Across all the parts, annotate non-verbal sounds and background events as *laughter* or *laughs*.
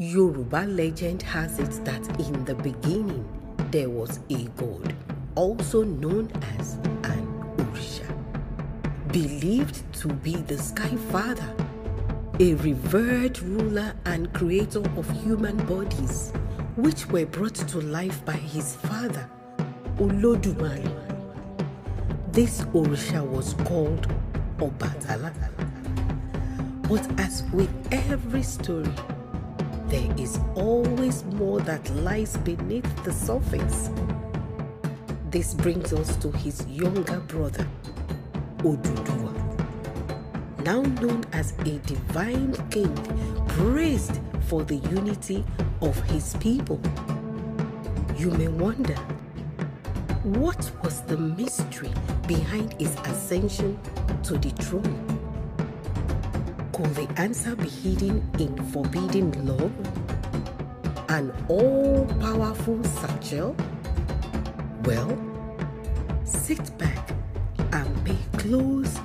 Yoruba legend has it that in the beginning there was a god, also known as an Orisha, believed to be the Sky Father, a revered ruler and creator of human bodies, which were brought to life by his father, Olodumare. This Orisha was called Obatala. But as with every story, there is always more that lies beneath the surface. This brings us to his younger brother, Odudua, now known as a divine king praised for the unity of his people. You may wonder, what was the mystery behind his ascension to the throne? Could the answer be hidden in forbidden love? An all powerful satchel? Well, sit back and pay close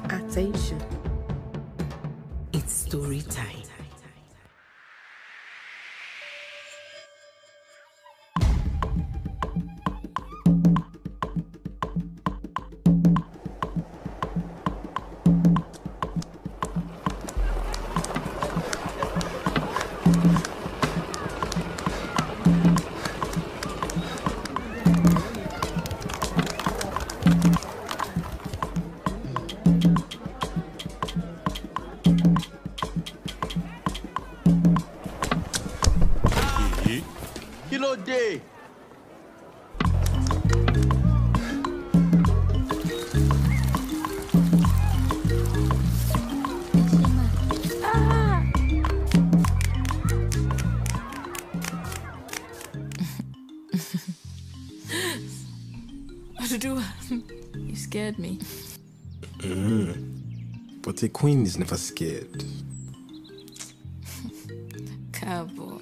the a queen is never scared. *laughs* Cabo,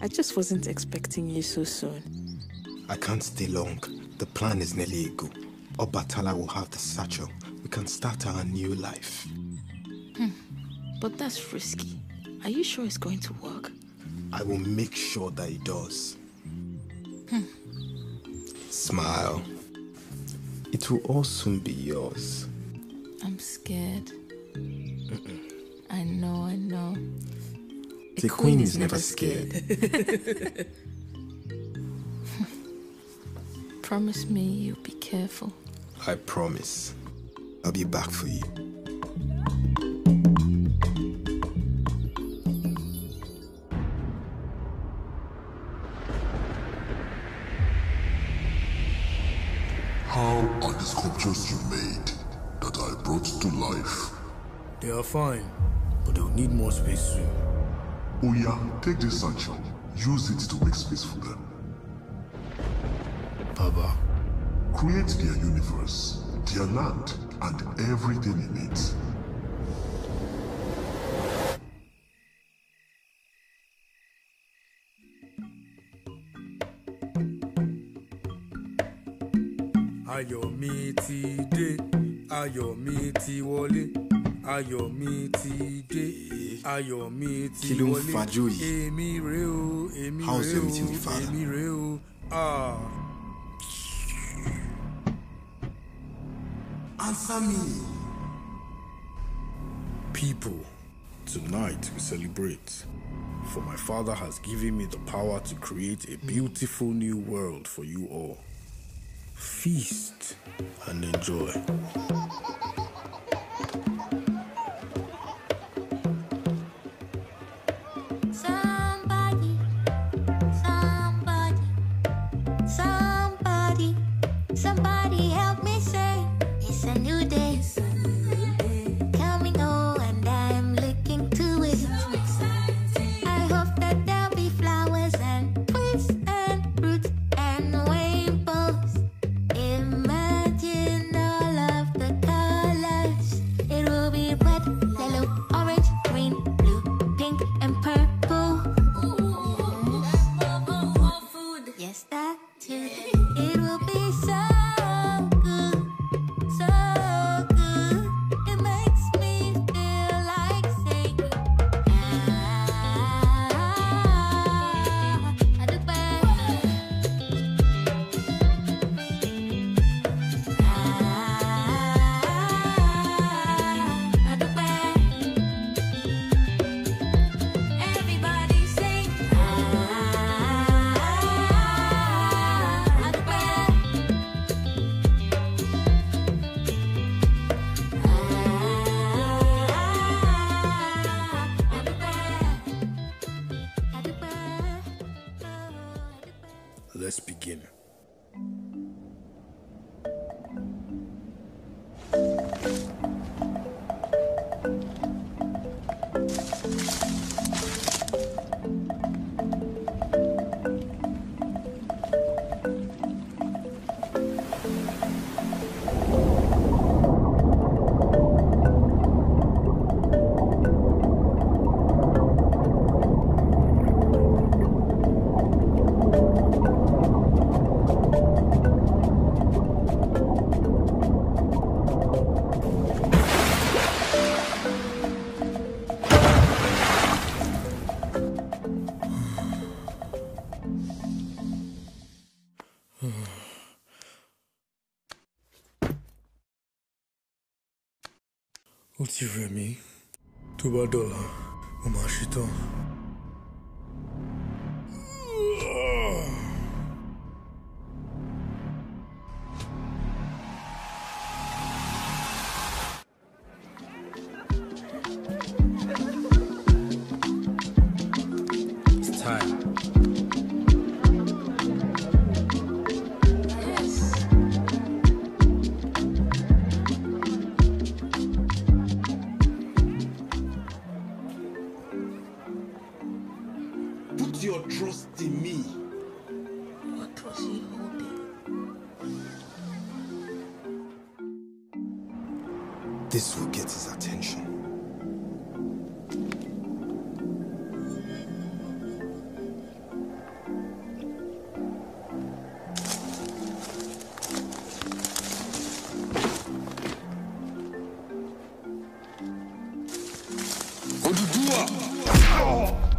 I just wasn't expecting you so soon. I can't stay long. The plan is nearly go. Obatala will have the satchel. We can start our new life. Hmm. But that's risky. Are you sure it's going to work? I will make sure that it does. Hmm. Smile. It will all soon be yours. I'm scared. I know, I know. The, the queen, queen, is, never scared. scared. *laughs* promise me you'll be careful. I promise. I'll be back for you. How are the sculptures you made that I brought to life they are fine, but they'll need more space soon. Oya, take this Sancho. Use it to make space for them. Baba. Create their universe, their land, and everything in it. ayọ̀ mi ti dé ayọ̀ mi ti wọlé ayọ̀ mi ti dé ayọ̀ ti wọlé èmi rè o èmi rè o èmi rè o. Ah. Answer me. People, tonight we celebrate. For my father has given me the power to create a beautiful new world for you all. Feast and enjoy. Où tu veux, me? Tu vas dehors, au marché temps. This will get his attention. Odudua! Oh!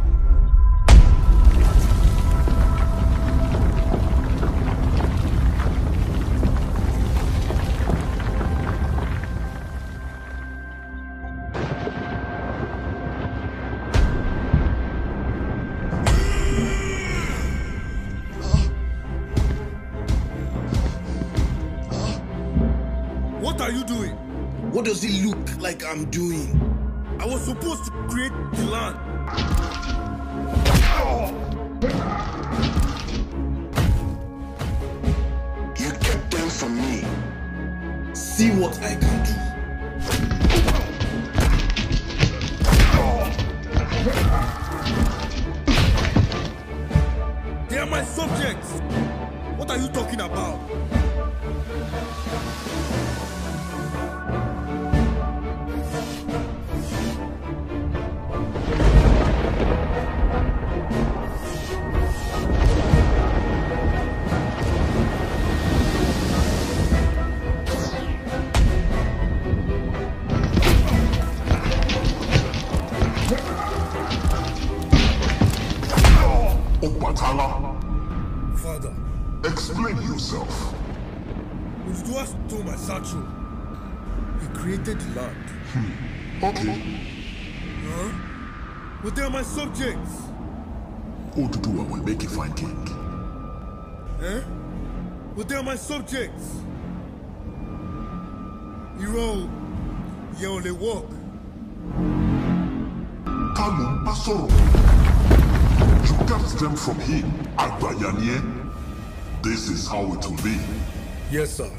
are you doing? What does it look like I'm doing? I was supposed to create the land. You kept them from me. See what I can do. did land. Hmm. Okay. Huh? But they are my subjects. Oduduwa will make a fine king. Eh? But they are my subjects. You're all... You only walk. Kalum Basoro. You cut them from him, Agbayanye. This is how it will be. Yes, sir.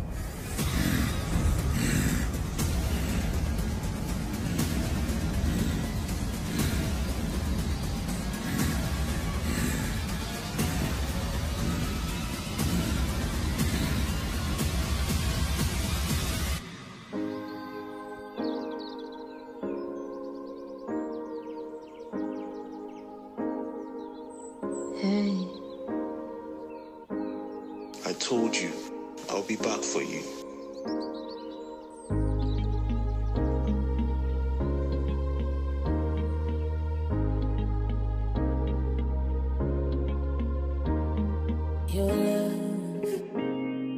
Hey. I told you, I'll be back for you. Your love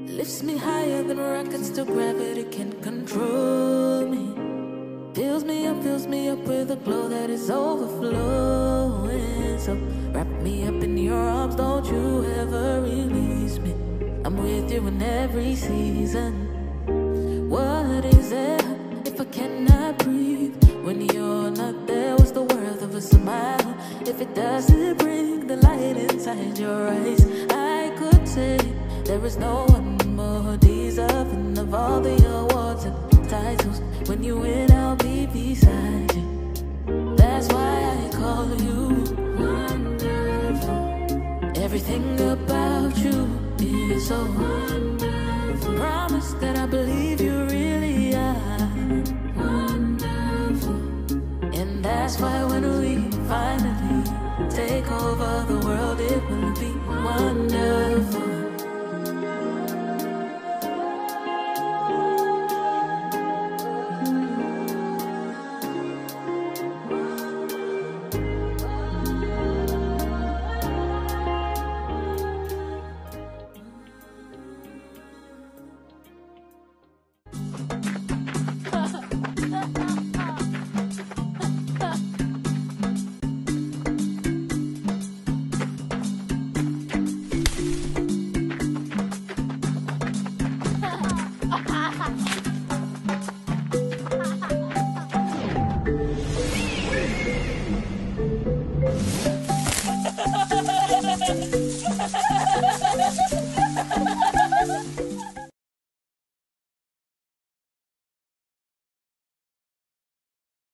lifts me higher than rockets to gravity can control me. Fills me up, fills me up with a glow that is overflowing. So me up in your arms, don't you ever release me. I'm with you in every season. What is it if I cannot breathe? When you're not there, what's the worth of a smile? If it doesn't bring the light inside your eyes, I could say there is no one more deserving of all the awards and titles. When you win, I'll be beside you. That's why I call you. Everything about you is so wonderful. Promise that I believe you really are wonderful. And that's why when we finally take over the world, it will be wonderful.